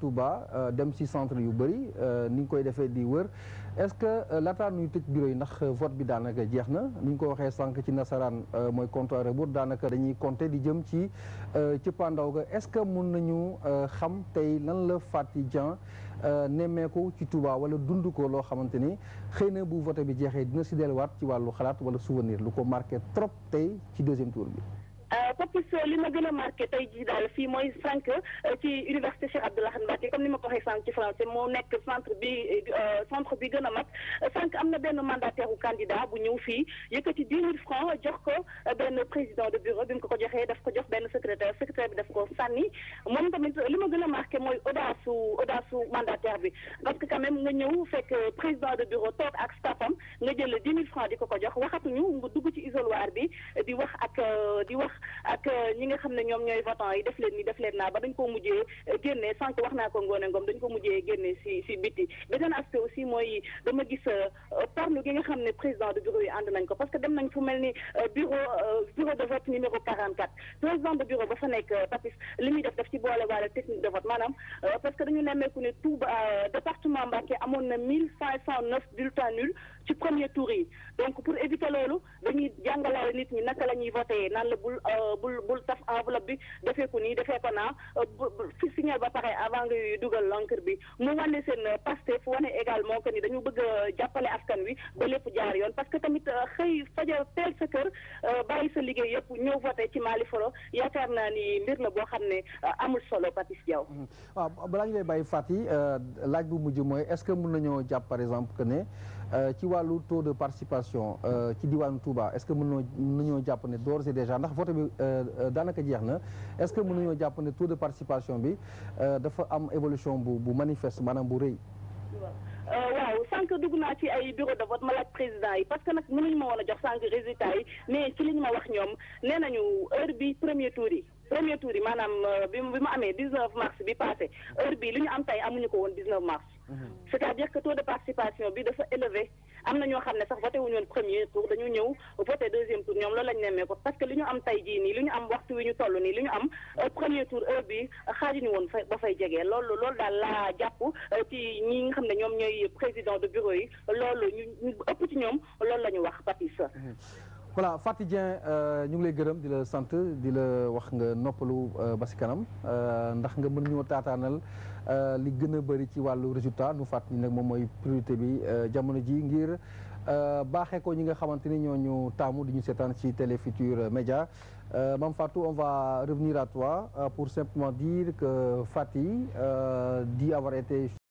Touba euh, dem ci centre yu bëri euh, ni ñu koy defee di wër est-ce que euh, laata ñuy tëj bureau yi ndax vote bi daanaka jeex na ni ñu ko waxee sànq ci nasaraan mooy compte à daanaka dañuy compter di jëm ci cëppaandaw ga est-ce que mun nañu xam tey lan la Faty Dieng nemmeeku ci tubaa wala dund ko loo xamante ni xëy na bu vote bi jeexee dina ci delluwaat ci wàllu xalaat wala souvenir lu ko marqué trop tey ci deuxième tour bi. POPUS li ma gën a marqué tey jii daal fii mooy sànq euh, ci université Cheikh Abdoulaye Mbacké comme ni ma ko waxee ci français moo nekk centre bi euh, gën a mag sànq am na benn mandataire ou bu ñëw fii yëkkati dix mille francs jox ko euh, benn président de bureau bi mu ko joxee daf ko jox benn secrétaire secrétaire bi daf ko sànni moom tamit li ma gën a marqué mooy audace place su mandataire bi parce que quand nga ñëw fekk président de bureau toog ak staffam nga jël dix mille francs di ko ko jox waxatuñu nga dugg ci isoloir bi di wax ak euh, di wax ak euh, ñi nga xam ne ñoom ñooy votant yi def leen ni def leen naa ba dañ ko mujjee euh, génnee sànq wax naa ko ngoone ngoom dañ ko mujjee génnee si si biti beneen aspect aussi mooy dama gis parlu gi nga xam ne président de bureau yi ànd nañ ko parce que dem nañ fu mel ni bureau de vote numéro ba fa nekk papis li muy de vote maanaam fàttaleku ne Touba euh, département Mbacké amoon na mille cinq cent neuf bulletins nuls ci premier tour yi donc pour éviter loolu dañuy jàngalaale nit ñi naka la ñuy voté nan la bul euh, bul bul taf enveloppe bi defee ko nii defee ko naa si euh, signer ba pare avant nga dugal l'encre bi mu wane seen Pastef wane également que ni dañu bëgg a jàppale askan wi ba lépp jaar yoon parce que tamit xëy fajar teel sa kër bàyyi sa liggéey yëpp ñëw voté ci Mali folo yaakaar naa ni mbir la boo xam ne amul solo Papis Diaw. Mm-hmm. Faty euh, laaj bu mujj mooy est-ce que mun nañoo jàpp par exemple que ne euh, ci wàllu taux de participation euh, ci diwaanu Touba est-ce que mën nañoo jàpp ne d'ores et déjà ndax vote bi daanaka jeex na est-ce que mën nañoo jàpp ne taux de participation bi dafa am évolution bu bu manifeste maanaam bu rëy. Euh, waaw sànq dugg naa ci ay bureau de vote ma laaj président yi parce que nag mënuñu ma woon a jox sànq résultat yi mais ci li ñu ma wax ñoom nee nañu heure bi premier tour yi premier tour yi maanaam euh, bi bi mu amee 19 mars bi passé heure bi li ñu am tey amuñu ko woon 19 mars. Mhm. c'est-à-dire que taux de bi dafa eleve am na ñoo xam ne sax voté wu woon premier tour dañu ñëw voté deuxième tour ñoom loolu lañ nemmee ko parce que li ñu am tey jii nii li ñu am waxtu wi ñu toll nii li ñu am euh, premier tour heure bi euh, xaajuñu woon fa ba fay jegee loolu loolu daal laa jàpp euh, ci ñi nga xam ne ñoom ñooy président de bureau yi loolu ñu ëpp ci ñoom loolu la ñu wax Papis mmh. voilà Faty Dieng euh, ñu ngi lay gërëm di la sant di la wax nga noppalu euh, ba si kanam euh, ndax nga mën ñoo taataanal li gën a bëri ci wàllu résultat nu fàtt ni nag moom mooy priorité bi jamono ji ngir baaxee ko ñi nga xamante ni ñoo ñu taamu di ñu seetaan ci Télé Futurs Médias Mam Fatou on va revenir à toi pour simplement dire que Faty dit avoir été